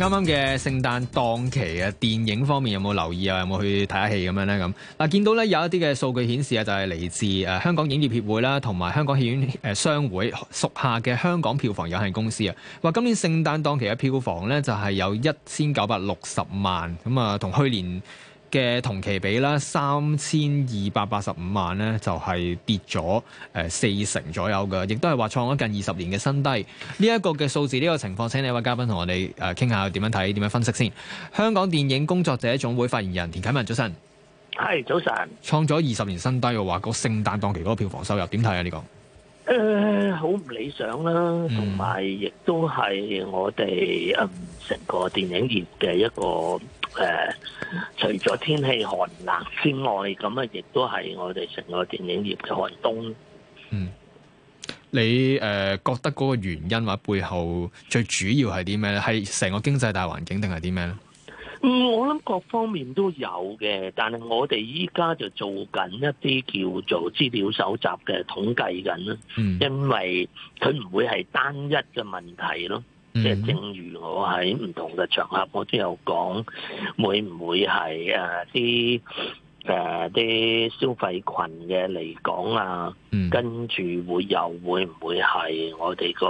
啱啱嘅聖誕檔期嘅電影方面有冇留意啊？有冇去睇下戲咁樣咧？咁嗱，見到咧有一啲嘅數據顯示啊，就係嚟自誒香港影業協會啦，同埋香港戲院誒商會屬下嘅香港票房有限公司啊，話今年聖誕檔期嘅票房咧就係有一千九百六十萬咁啊，同去年嘅同期比啦，三千二百八十五萬咧，就係跌咗誒四成左右嘅，亦都係話創咗近二十年嘅新低。呢一個嘅數字，呢個情況，請你位嘉賓同我哋誒傾下點樣睇，點樣分析先。香港電影工作者總會發言人田啟文，早晨。係，早晨。創咗二十年新低，話個聖誕檔期嗰個票房收入點睇啊？呢個誒、呃，好唔理想啦，同埋亦都係我哋誒成個電影業嘅一個誒、呃，除咗天氣寒冷之外，咁啊亦都係我哋成個電影業嘅寒冬。嗯，你誒、呃，覺得嗰個原因或背後最主要係啲咩咧？係成個經濟大環境定係啲咩咧？嗯，我諗各方面都有嘅，但係我哋依家就做緊一啲叫做資料搜集嘅統計緊啦。因為佢唔會係單一嘅問題咯，即係正如我喺唔同嘅場合，我都有講，會唔會係誒啲？誒、呃，啲消費群嘅嚟講啊，跟、嗯、住會又會唔會係我哋個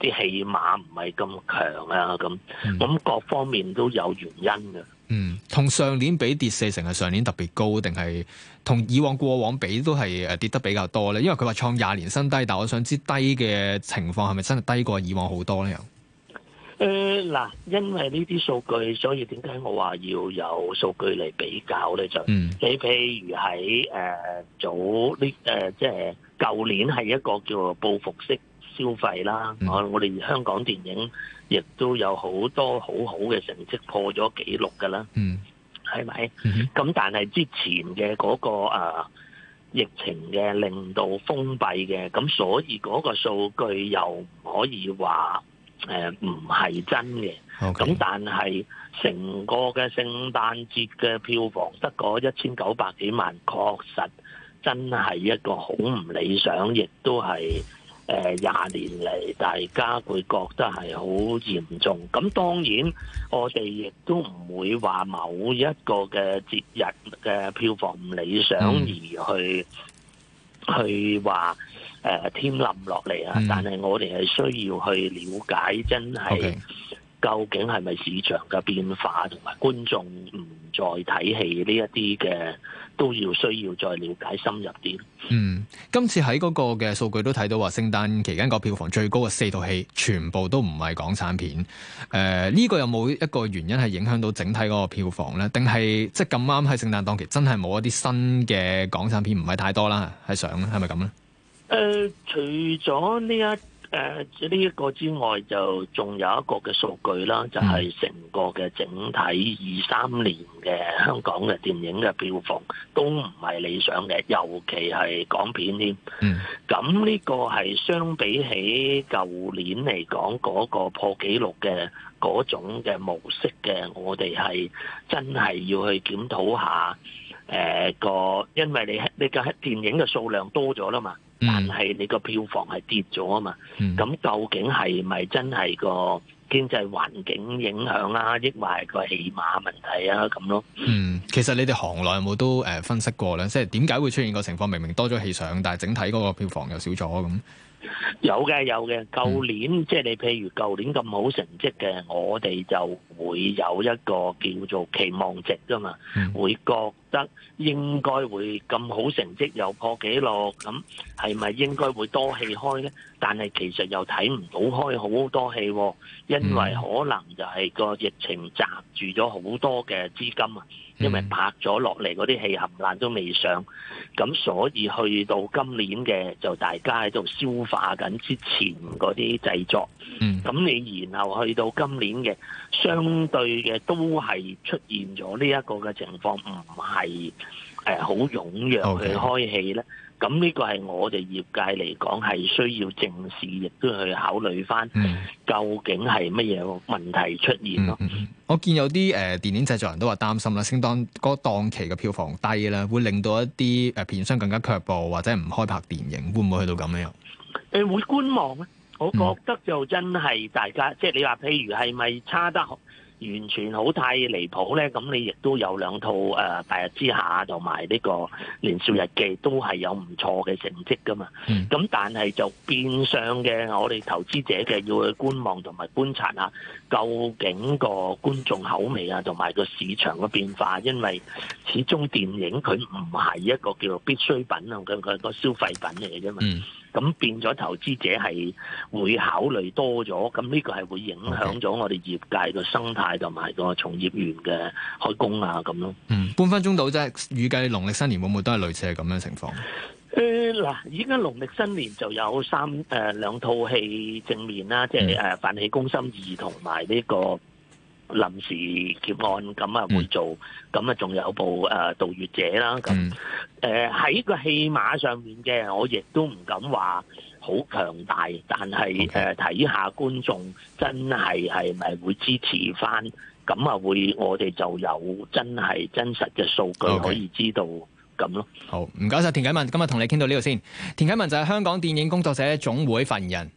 啲起碼唔係咁強啊？咁咁、嗯、各方面都有原因嘅。嗯，同上年比跌四成，係上年特別高定係同以往過往比都係誒跌得比較多咧。因為佢話創廿年新低，但我想知道低嘅情況係咪真係低過以往好多咧？誒嗱，因為呢啲數據，所以點解我話要有數據嚟比較咧？就你譬如喺誒早呢誒，即係舊年係一個叫做報復式消費啦。我我哋香港電影亦都有好多好好嘅成績破咗紀錄噶啦，係咪？咁但係之前嘅嗰個誒疫情嘅令到封閉嘅，咁所以嗰個數據又唔可以話。誒唔係真嘅，咁、okay。但係成個嘅聖誕節嘅票房得嗰一千九百幾萬，確實真係一個好唔理想，亦都係誒廿年嚟大家會覺得係好嚴重。咁當然我哋亦都唔會話某一個嘅節日嘅票房唔理想、嗯、而去去話。誒、呃，天冧落嚟啊！但係我哋係需要去了解，真係究竟係咪市場嘅變化，同埋觀眾唔再睇戲呢一啲嘅，都要需要再了解深入啲。嗯，今次喺嗰個嘅數據都睇到話，聖誕期間個票房最高嘅四套戲全部都唔係港產片。誒、呃、呢、這個有冇一個原因係影響到整體嗰個票房咧？定係即係咁啱喺聖誕檔期真係冇一啲新嘅港產片，唔係太多啦。係想係咪咁咧？是誒，除咗呢一誒呢一個之外，就仲有一個嘅數據啦，就係成個嘅整體二三年嘅香港嘅電影嘅票房都唔係理想嘅，尤其係港片添。嗯。咁呢個係相比起舊年嚟講，嗰個破紀錄嘅嗰種嘅模式嘅，我哋係真係要去檢討下誒個，因為你你嘅電影嘅數量多咗啦嘛。但係你個票房係跌咗啊嘛，咁究竟係咪真係個經濟環境影響啊，抑或係個戲碼問題啊咁咯？嗯，其實你哋行內有冇都誒分析過咧？即係點解會出現個情況？明明多咗戲上，但係整體嗰個票房又少咗咁？有嘅，有嘅，舊年即係你譬如舊年咁好成績嘅，我哋就會有一個叫做期望值啊嘛，會覺。得應該會咁好成績又破紀錄咁，係咪應該會多戲開呢？但係其實又睇唔到開好多戲喎，因為可能就係個疫情集住咗好多嘅資金啊，因為拍咗落嚟嗰啲戲冚唥都未上，咁所以去到今年嘅就大家喺度消化緊之前嗰啲製作，咁你然後去到今年嘅，相對嘅都係出現咗呢一個嘅情況，唔係係誒，好、呃、踴躍去開戲咧，咁、okay. 呢個係我哋業界嚟講係需要正視，亦都去考慮返究竟係乜嘢問題出現咯、嗯嗯。我見有啲誒、呃，電影製作人都話擔心啦，聖誕嗰檔期嘅票房低啦，會令到一啲誒、呃、片商更加卻步，或者唔開拍電影，會唔會去到咁樣？誒，會觀望咧。我覺得就真係大家，即係你話，譬如係咪差得？完全好太離譜呢。咁你亦都有兩套誒、呃《白日之下》同埋呢個《年少日記》，都係有唔錯嘅成績噶嘛。咁、mm. 但係就變相嘅，我哋投資者嘅要去觀望同埋觀察下，究竟個觀眾口味啊，同埋個市場嘅變化，因為始終電影佢唔係一個叫做必需品啊，佢佢個消費品嚟嘅，啫嘛。咁變咗投資者係會考慮多咗，咁呢個係會影響咗我哋業界個生態同埋個從業員嘅開工啊咁咯。嗯，半分鐘到，即係預計農曆新年會唔會都係類似係咁樣情況？誒嗱，依家農曆新年就有三誒兩套戲正面啦，即係誒《飯氣攻心2》同埋呢個。臨時劫案咁，啊會做，咁啊仲有部誒《盜月者》啦，咁誒喺個戲碼上面嘅，我亦都唔敢話好強大，但係誒睇下觀眾真係係咪會支持翻，咁啊會我哋就有真係真實嘅數據可以知道咁咯。好，唔該曬田啟文，今日同你傾到呢度先。田啟文就係香港電影工作者總會發言人。